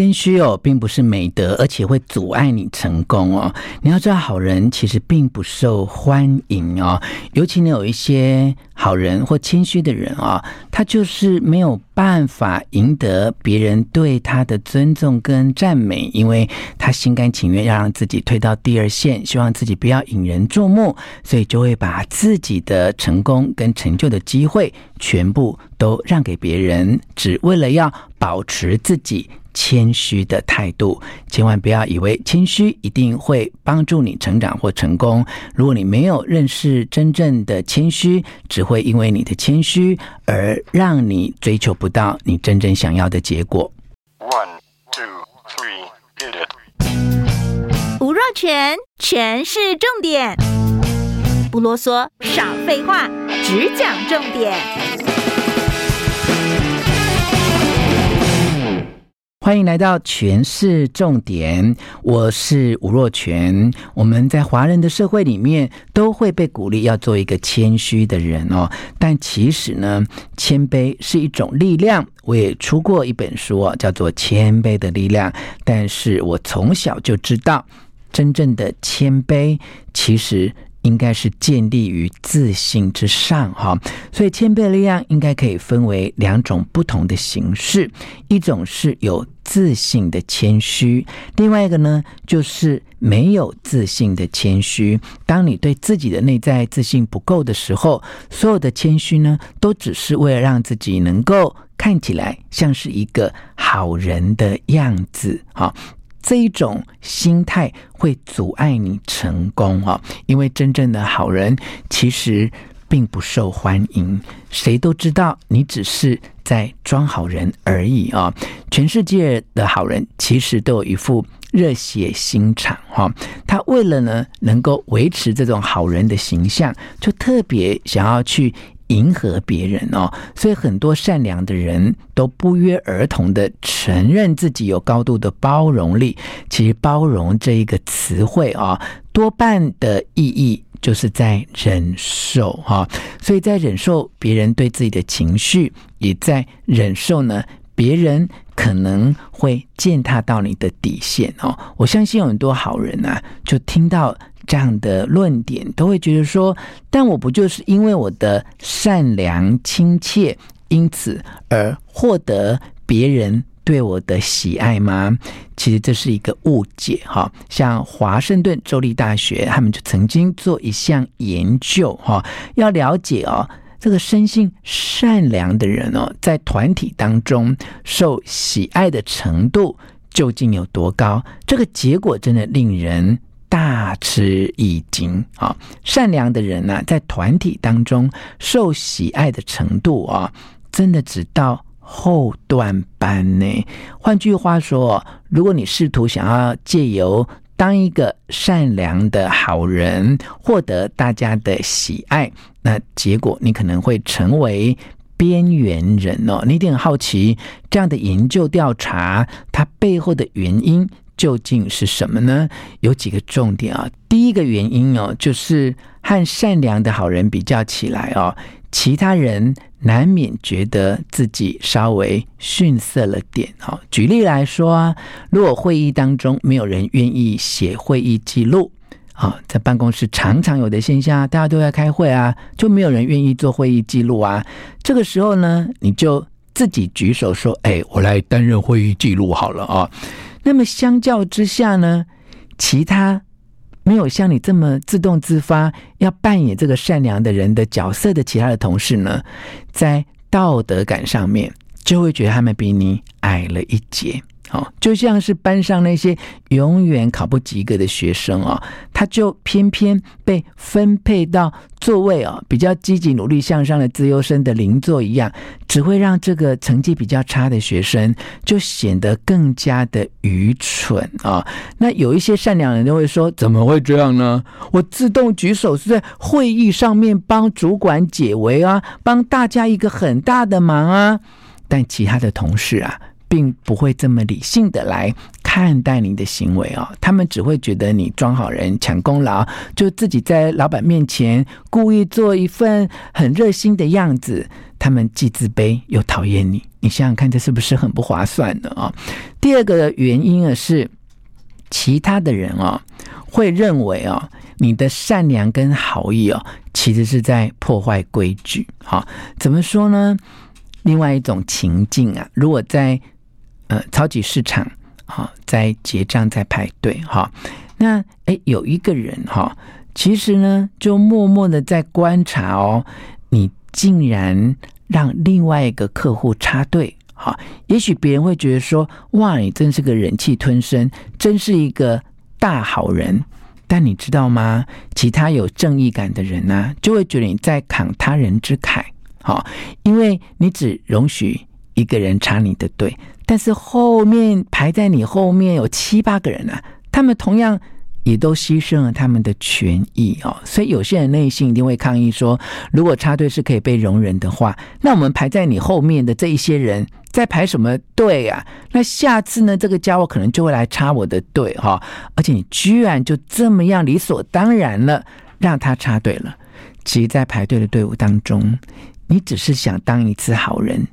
謙虛哦，並不是美德，而且會阻礙你成功哦。你要知道，好人其實並不受歡迎哦，尤其你有一些……好人或謙虛的人啊、哦，他就是沒有辦法贏得別人對他的尊重跟讚美，因為他心甘情願要讓自己退到第二線，希望自己不要引人注目，所以就會把自己的成功跟成就的機會全部都讓給別人，只為了要保持自己謙虛的態度。千萬不要以為謙虛一定會幫助你成長或成功。如果你沒有認識真正的謙虛，只會會因為你的謙虛而讓你追求不到你真正想要的結果。One, two, three, get it. 吳若權，權式重點，不囉嗦，少廢話，只講重點。歡迎來到《權式重點》，我是吳若權，我們在華人的社會裡面，都會被鼓勵要做一個謙虛的人哦。但其實呢，謙卑是一種力量。我也出過一本書哦，叫做《謙卑的力量》。但是我從小就知道，真正的謙卑，其實。應該是建立於自信之上，哈。所以謙卑的力量應該可以分為兩種不同的形式：一種是有自信的謙虛，另外一個呢，就是沒有自信的謙虛。當你對自己的內在自信不夠的時候，所有的謙虛呢，都只是為了讓自己能夠看起來像是一個好人的樣子，哈。這一種心態會阻礙你成功哦，因為真正的好人其實並不受歡迎。誰都知道你只是在裝好人而已啊、哦！全世界的好人其實都有一副熱血心腸哈、哦，他為了呢能夠維持這種好人的形象，就特別想要去。迎合別人哦，所以很多善良的人都不約而同的承認自己有高度的包容力。其實，包容這一個詞彙啊、哦，多半的意義就是在忍受哈、哦。所以在忍受別人對自己的情緒，也在忍受呢，別人可能會踐踏到你的底線哦。我相信有很多好人呢、啊，就聽到。這樣的論點都會覺得說，但我不就是因為我的善良親切，因此而獲得別人對我的喜愛嗎？其實這是一個誤解。哈，像華盛頓州立大學，他們就曾經做一項研究，哈，要了解哦，這個生性善良的人哦，在團體當中受喜愛的程度究竟有多高？這個結果真的令人。大吃一驚啊！善良的人呢、啊，在團體當中受喜愛的程度啊、哦，真的只到後段班呢。換句話說，如果你試圖想要借由當一個善良的好人獲得大家的喜愛，那結果你可能會成為邊緣人哦。你一定很好奇這樣的研究調查它背後的原因。究竟是什麼呢？有幾個重點啊。第一個原因哦，就是和善良的好人比較起來哦，其他人難免覺得自己稍微遜色了點啊。舉例來說啊，如果會議當中沒有人願意寫會議記錄啊，在辦公室常常有的現象，大家都在開會啊，就沒有人願意做會議記錄啊。這個時候呢，你就自己舉手說：“哎，我來擔任會議記錄好了啊。”那麼相較之下呢，其他沒有像你這麼自動自發要扮演這個善良的人的角色的其他的同事呢，在道德感上面就會覺得他們比你矮了一截。哦、就像是班上那些永遠考不及格的學生哦，他就偏偏被分配到座位哦，比較積極努力向上的資優生的鄰座一樣，只會讓這個成績比較差的學生就顯得更加的愚蠢啊、哦。那有一些善良人都會說：“怎麼會這樣呢？我自動舉手是在會議上面幫主管解圍啊，幫大家一個很大的忙啊。”但其他的同事啊。並不會這麼理性的來看待你的行為哦，他們只會覺得你裝好人搶功勞，就自己在老板面前故意做一份很熱心的樣子。他們既自卑又討厭你，你想想看這是不是很不划算的啊？第二個的原因啊，是其他的人啊會認為啊你的善良跟好意哦，其實是在破壞規矩。好，怎麼說呢？另外一種情境啊，如果在呃，超級、嗯、市場、哦、在結賬在排隊哈、哦，那誒有一個人哈、哦，其實呢就默默的在觀察哦。你竟然讓另外一個客戶插隊哈、哦，也許別人會覺得說，哇，你真是個忍氣吞聲，真是一個大好人。但你知道嗎？其他有正義感的人呢、啊，就會覺得你在慷他人之慨，哈、哦，因為你只容許一個人插你的隊。但是後面排在你後面有七八個人啊，他們同樣也都犧牲了他們的權益哦。所以有些人內心一定會抗議說：如果插隊是可以被容忍的話，那我們排在你後面的這一些人在排什麼隊啊？那下次呢，這個家伙可能就會來插我的隊哈、哦。而且你居然就這麼樣理所當然了，讓他插隊了。其實，在排隊的隊伍當中，你只是想當一次好人。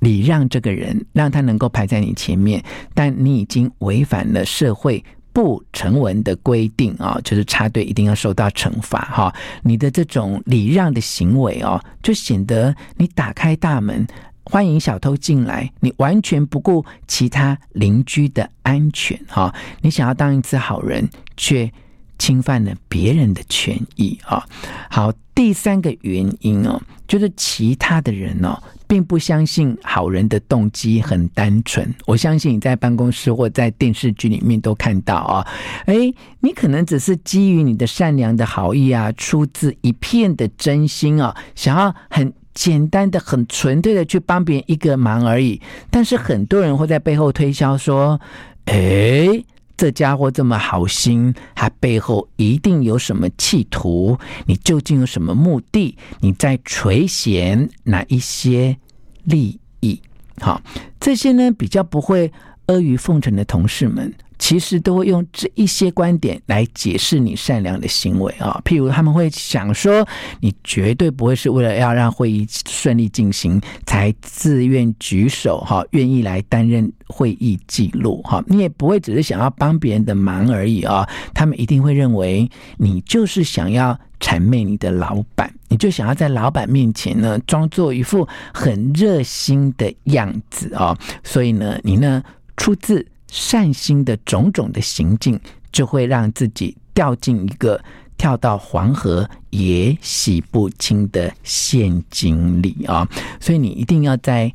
禮讓這個人，讓他能夠排在你前面，但你已經違反了社會不成文的規定啊，就是插隊一定要受到懲罰哈。你的這種禮讓的行為哦，就顯得你打開大門，歡迎小偷進來，你完全不顧其他鄰居的安全哈。你想要當一次好人，卻侵犯了別人的權益啊。好，第三個原因哦，就是其他的人哦，並不相信好人的動機很單純。我相信你在辦公室或在電視劇裡面都看到啊，哎、欸，你可能只是基於你的善良的好意啊，出自一片的真心啊，想要很簡單的、很純粹的去幫別人一個忙而已。但是很多人會在背後推銷說，哎、欸。這家伙這麼好心，他背後一定有什麼企圖。你究竟有什麼目的？你在垂涎哪一些利益？好、哦，這些呢比較不會阿諛奉承的同事們。其實都會用這一些觀點來解釋你善良的行為啊、哦，譬如他們會想說，你絕對不會是為了要讓會議順利進行才自願舉手哈、哦，願意來擔任會議記錄哈、哦，你也不會只是想要幫別人的忙而已啊、哦。他們一定會認為你就是想要諂媚你的老闆，你就想要在老闆面前呢裝作一副很熱心的樣子哦，所以呢，你呢出自。善心的種種的行徑，就會讓自己掉進一個跳到黃河也洗不清的陷阱裡啊！所以你一定要在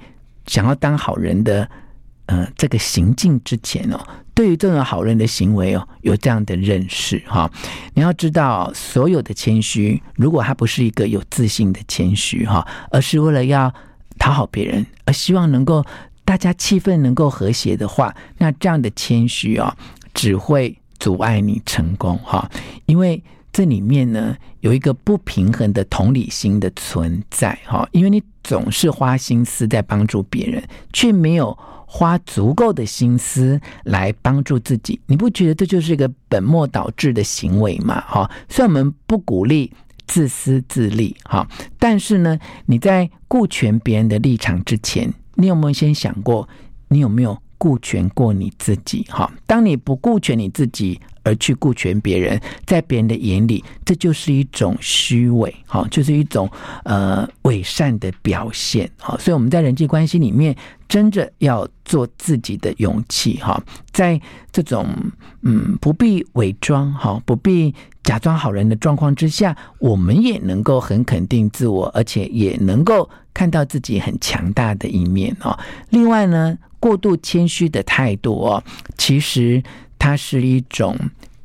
想要當好人的呃這個行徑之前哦，對於這種好人的行為哦，有這樣的認識哈哦。你要知道，所有的謙虛，如果他不是一個有自信的謙虛哈，而是為了要討好別人，而希望能夠。大家氣氛能夠和諧的話，那這樣的謙虛啊，只會阻礙你成功哈、哦。因為這裡面呢，有一個不平衡的同理心的存在哈、哦。因為你總是花心思在幫助別人，卻沒有花足夠的心思來幫助自己。你不覺得這就是一個本末倒置的行為嗎？哈、哦，雖然我們不鼓勵自私自利哈、哦，但是呢，你在顧全別人的立場之前。你有沒有先想過，你有沒有顧全過你自己，哈。當你不顧全你自己，而去顧全別人，在別人的眼裡，這就是一種虛偽，哈，就是一種呃偽善的表現，所以我們在人際關係裡面，真的要做自己的勇氣，哈。在這種嗯不必偽裝，哈，不必假裝好人的狀況之下，我們也能夠很肯定自我，而且也能夠看到自己很強大的一面，另外呢。過度謙虛的態度哦，其實它是一種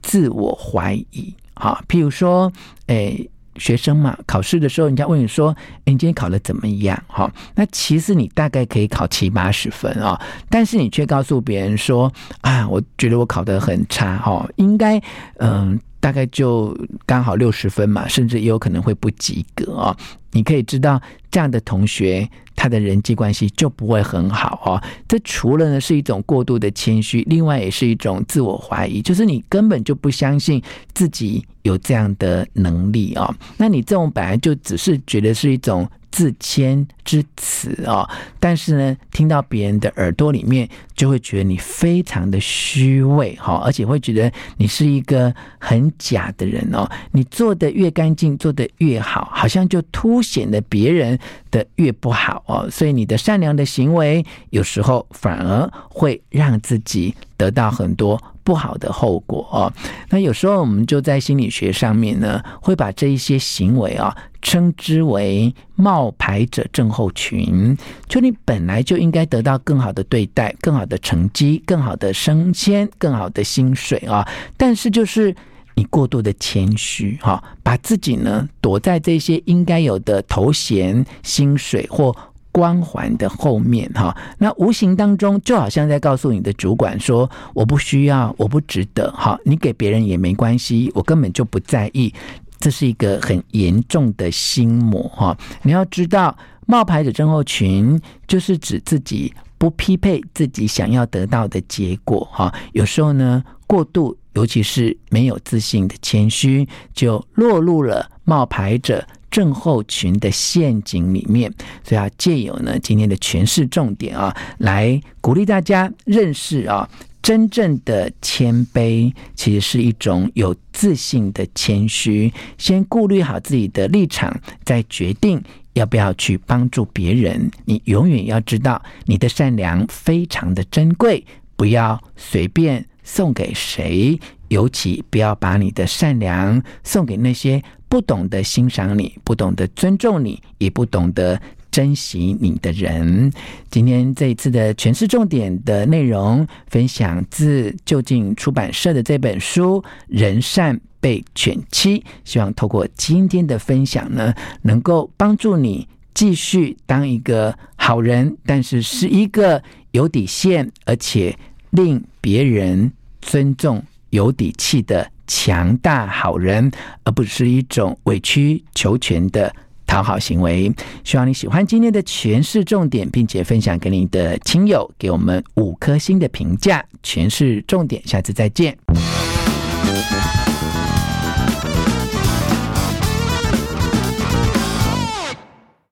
自我懷疑。好，譬如說，誒、欸，學生嘛，考試的時候，人家問你說：“欸，你今天考得怎麼樣？”那其實你大概可以考七八十分啊，但是你卻告訴別人說：“啊，我覺得我考得很差。應該”哈、呃，應該嗯。大概就剛好六十分嘛，甚至也有可能會不及格啊、哦！你可以知道，這樣的同學他的人際關係就不會很好哦。這除了呢是一種過度的謙虛，另外也是一種自我懷疑，就是你根本就不相信自己有這樣的能力啊、哦。那你這種本來就只是覺得是一種。自謙之詞哦，但是呢，聽到別人的耳朵裡面，就會覺得你非常的虛偽，好，而且會覺得你是一個很假的人哦。你做的越乾淨，做的越好，好像就凸顯了別人的越不好哦。所以，你的善良的行為，有時候反而會讓自己得到很多，不好的後果哦，那有時候我們就在心理學上面呢，會把這一些行為啊、哦，稱之為冒牌者症候群，就你本來就應該得到更好的對待、更好的成績、更好的升遷、更好的薪水啊、哦，但是就是你過度的謙虛哈，把自己呢躲在這些應該有的頭銜、薪水或光環的後面哈，那無形當中就好像在告訴你的主管說：“我不需要，我不值得。”哈，你給別人也沒關係，我根本就不在意。這是一個很嚴重的心魔哈。你要知道，冒牌者症候群就是指自己不匹配自己想要得到的結果哈。有時候呢，過度，尤其是沒有自信的謙虛，就落入了冒牌者。症候群的陷阱裡面，所以要借由呢，今天的權式重點啊、哦，來鼓勵大家認識啊、哦，真正的謙卑其實是一種有自信的謙虛。先顧慮好自己的立場，再決定要不要去幫助別人。你永遠要知道，你的善良非常的珍貴，不要隨便送給誰，尤其不要把你的善良送給那些。不懂得欣賞你、不懂得尊重你、也不懂得珍惜你的人。今天這一次的權式重點的內容，分享自究竟出版社的這本書《人善被犬欺》。希望透過今天的分享呢，能夠幫助你繼續當一個好人，但是是一個有底線，而且令別人尊重、有底氣的，強大好人，而不是一種委曲求全的討好行為。希望你喜歡今天的權式重點，並且分享給你的親友，給我們五顆星的評價。權式重點，下次再見。